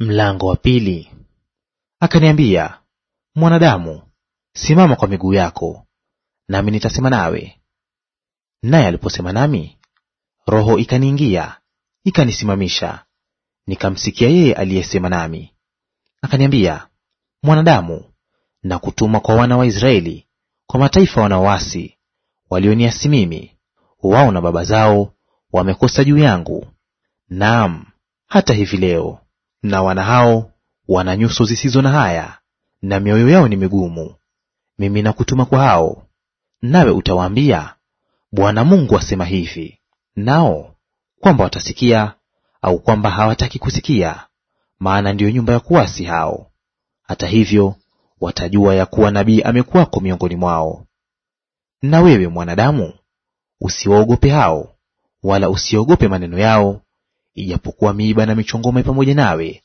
Mlango wa pili. Akaniambia, mwanadamu, simama kwa miguu yako, nami nitasema nawe. Naye aliposema nami, roho ikaniingia ikanisimamisha, nikamsikia yeye aliyesema nami. Akaniambia, mwanadamu, na kutuma kwa wana wa Israeli, kwa mataifa wanaoasi, walioniasi mimi, wao na baba zao wamekosa juu yangu, naam hata hivi leo na wana hao wana nyuso zisizo na haya, na mioyo yao ni migumu. Mimi nakutuma kwa hao, nawe utawaambia, Bwana Mungu asema hivi. Nao kwamba watasikia au kwamba hawataki kusikia, maana ndiyo nyumba ya kuasi hao. Hata hivyo watajua ya kuwa nabii amekuwako miongoni mwao. Na wewe mwanadamu, usiwaogope hao, wala usiogope maneno yao, ijapokuwa miiba na michongoma pamoja nawe,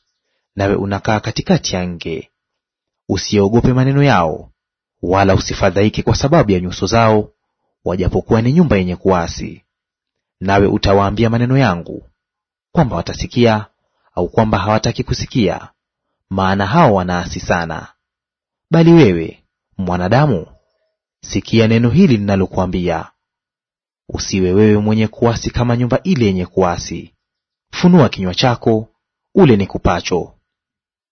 nawe unakaa katikati ya nge. Usiogope maneno yao, wala usifadhaike kwa sababu ya nyuso zao, wajapokuwa ni nyumba yenye kuasi. Nawe utawaambia maneno yangu, kwamba watasikia au kwamba hawataki kusikia, maana hao wanaasi sana. Bali wewe mwanadamu, sikia neno hili ninalokuambia, usiwe wewe mwenye kuasi kama nyumba ile yenye kuasi funua kinywa chako ule ni kupacho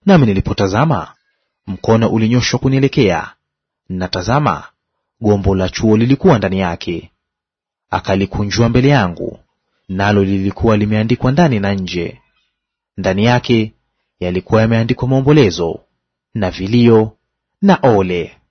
Nami nilipotazama, mkono ulinyoshwa kunielekea, na tazama, gombo la chuo lilikuwa ndani yake. Akalikunjua mbele yangu, nalo lilikuwa limeandikwa ndani na nje. Ndani yake yalikuwa yameandikwa maombolezo na vilio na ole.